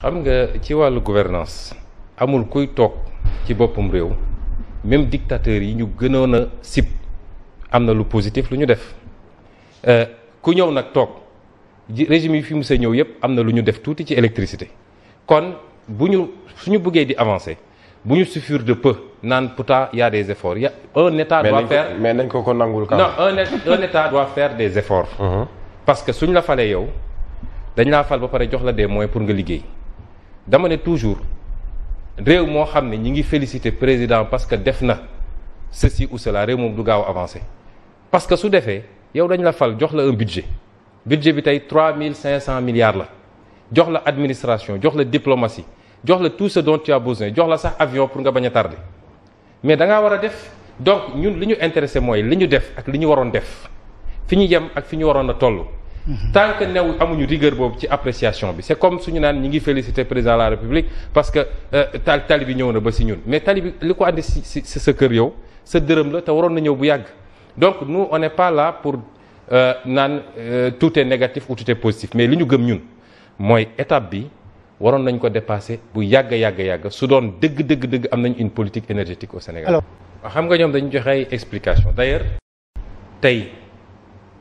xam nga ci wàllu gouvernance amul kuy toog ci boppum réew même dictateurs yi ñu gënoon a sib am na lu positif lu ñu def euh, ku ñëw nag toog régime yi fi mu sa ñëw yépp am na lu ñu def tuuti ci électricité kon bu ñu suñu buggee di avancer bu ñu suffire de peu naan pourtant y a des efforts ya a un état doit faire ko ko nangul non un état doit des efforts mm-hmm. parce que suñ la falee yow dañ laa fal ba pare jox la des mooy pour nga liggéey dama ne toujours réew moo xam ne ñi ngi féliciter président parce que def na ceci ou cela réew moom du gaaw avancé parce que su defee yow dañu la fal jox la un budget budget bi tey trois mille cinq cent milliards la jox la administration jox la diplomatie jox la tous ce dont tu as jox la sax avion pour nga bañ a tardé mais da ngaa war a def donc ñun li ñu intéressé mooy li ñu def ak li ñu waroon def fi ñu yem ak fi ñu waroon a toll Mhm. tant que new amuñu rigueur boobu ci appréciation bi c'est comme su ñu naan ñi ngi féliciter président de la république parce que euh, tal tali bi ñëw na ba si ñun mais tali bi li ko andi si sa kër yow sa dërëm la te waroon na ñëw bu yàgg donc nous on n'est pas là pour euh, naan euh, tout est négatif ou tout positif mais li ñu gëm ñun mooy étape bi waroon nañ ko dépasser bu yàgg yàgg yàgg su doon dëgg dëgg dëgg am nañ une politique énergétique au Sénégal. alors xam nga ñoom dañu joxe explication d'ailleurs tey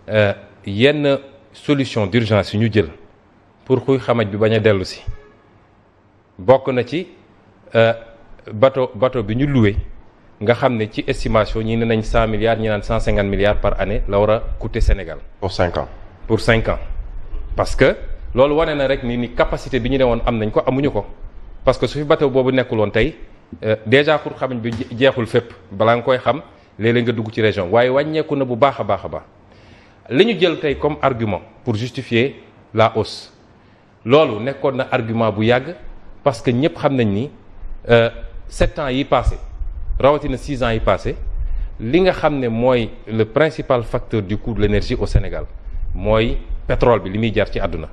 euh, yenn. solution d'urgence yu ñu jël pour xuy xamaj bi bañ a dellu si bokk na ci euh, bateau bateau bi ñu loué nga xam ne ci estimation ñi ne nañ cent milliards ñi naan cent cinquante milliards par année la war a coûter Sénégal. pour cinq ans pour cinq parce que loolu wane na rek ni ni capacité bi ñu ne woon am nañ ko amuñu ko parce que su fi bateau boobu nekkul woon tey euh, déjà pour xamaj bi jeexul fépp balaa nga koy xam léeg-léeg nga dugg ci région waaye wàññeeku na bu baax a baax a baax. li ñu jël tey comme argument pour justifier la hausse loolu nekkoon na argument bu yàgg parce que ñëpp xam nañ ni euh, sept ans yi passé rawatina six ans yi passé li nga xam ne mooy le principal facteur du coût de l'énergie au Sénégal mooy pétrole bi li muy jar ci àdduna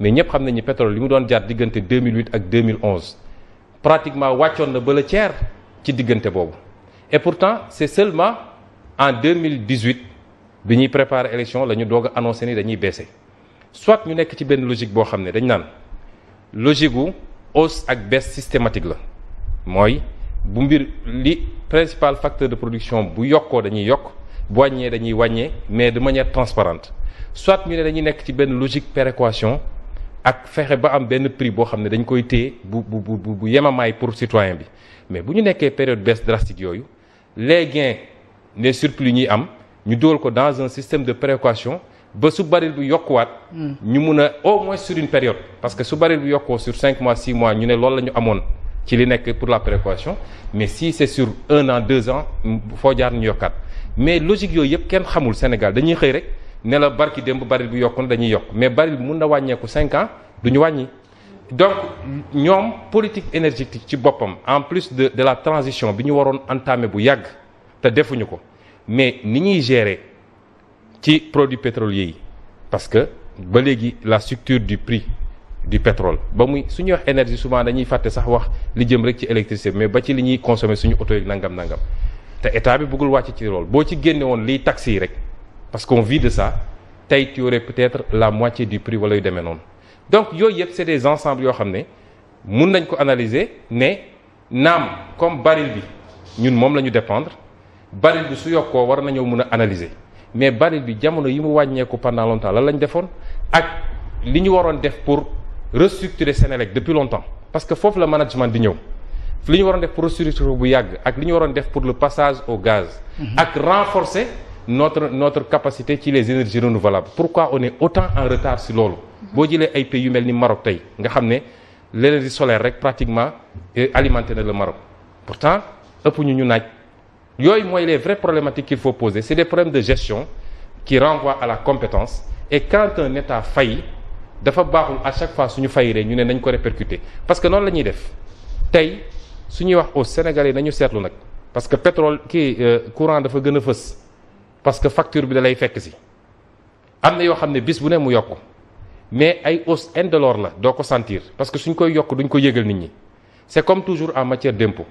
mais ñëpp xam nañ ni pétrole li mu doon jar diggante 2008 ak 2011 pratiquement wàccoon na ba le tiers ci diggante boobu et pourtant c'est seulement en bi ñuy préparer élection la ñu doog a annoncé ni dañuy baissé soit ñu nekk ci benn logique boo xam ne dañ naan logique gu hausse ak baisse systématique la mooy bu mbir li principal facteur de production bu yokkoo dañuy yokk bu wàññee dañuy wàññee mais de manière transparente soit ñu ne dañuy nekk ci benn logique péréquation ak fexe ba am benn prix boo xam ne dañ koy téye bu bu bu bu yemamaay pour citoyen bi mais bu ñu nekkee période baisse drastique yooyu les ñuy am. ñu dugal ko dans un système de précaution ba su baril bu yokkuwaat. Hmm. ñu mun a au moins sur une période. parce que su baril bu yokkoo sur cinq mois six mois ñu ne loolu la amoon ci li nekk pour la précaution mais si c'est sur un an deux ans foo jaar ñu yokkaat mais logique yooyu yëpp kenn xamul Sénégal dañuy xëy rek ne la barki démb baril bu yokku na dañuy yokk mais baril bi mun na wàññeeku cinq ans du ñu wàññi. donc ñoom politique énergétique ci boppam en plus de de la transition bi ñu waroon entamer bu yàgg te defuñu ko. mais ni ñuy gérer ci produits pétroliers yi parce que ba léegi la structure du prix du pétrole ba muy su ñuy wax énergie souvent dañuy fàtte sax wax li jëm rek ci électricité mais ba ci li ñuy consommer suñu oto yi nangam nangam te état bi bëggul wàcc ci rôle boo ci génne woon liy taxes yi rek parce qu'on vit de ça tey tu aurais peut-être la moitié du prix wala yu demee noonu donc yooyu yëpp c'est des ensembles yoo xam ne mun nañ ko analyser ne naam comme baril ñun moom la ñu dépendre baril bi su yokkoo war nañoo mun a analyser mais baril bi jamono yi mu wàññeeku pendant longtemps lan lañ defoon ak li ñu waroon def pour restructurer Senelec depuis longtemps parce que foofu la management di ñëw li ñu waroon def pour restructurer bu yàgg ak li ñu waroon def pour le passage au gaz mhm. ak renforcer notre notre capacité ci les énergies renouvelables pourquoi on est autant en retard si loolu mhm. boo jëlee ay pays yu mel ni Maroc tey nga xam ne l'énergie solaire rek pratiquement alimenté le Maroc yooyu mooy les vraies problématiques qu'il faut poser c'est des problèmes de gestion qui renvoient à la compétence et quand un état faillit dafa baaxul à chaque fois suñu fay fayiree ñu ne nañ ko répercuter parce que noonu la def tey su ñuy wax sénégal yi nañu seetlu nag parce que pétrole kii euh, courant dafa gën a fës parce que facture bi da lay fekk si am na yoo xam ne bis bu ne mu yokk mais ay ose indolore la doo ko sentir parce que suñ koy yokk duñ ko yëgal nit ñi c'est comme toujours en matière d'impôt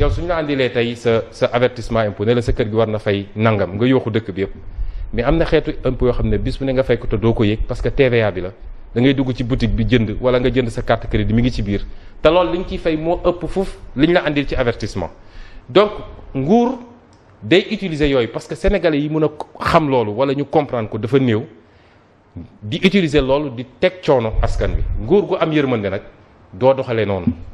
yow suñu la andilee tey sa sa avertissement impôt ne la sa kër gi war na fay nangam nga yooxu dëkk bi yëpp mais am na xeetu impôt yoo xam ne bis bu ne nga fay ko te doo ko yëg parce que bi la dangay dugg ci boutique bi jënd wala nga jënd sa carte crédit mi ngi ci biir te loolu liñ ciy fay moo ëpp li ñu la andil ci avertissement donc nguur day utiliser yooyu parce que sénégalais yi mun a xam loolu wala ñu comprendre ko dafa néew di utiliser loolu di teg coono askan bi nguur gu am yërmande nag doo doxalee noonu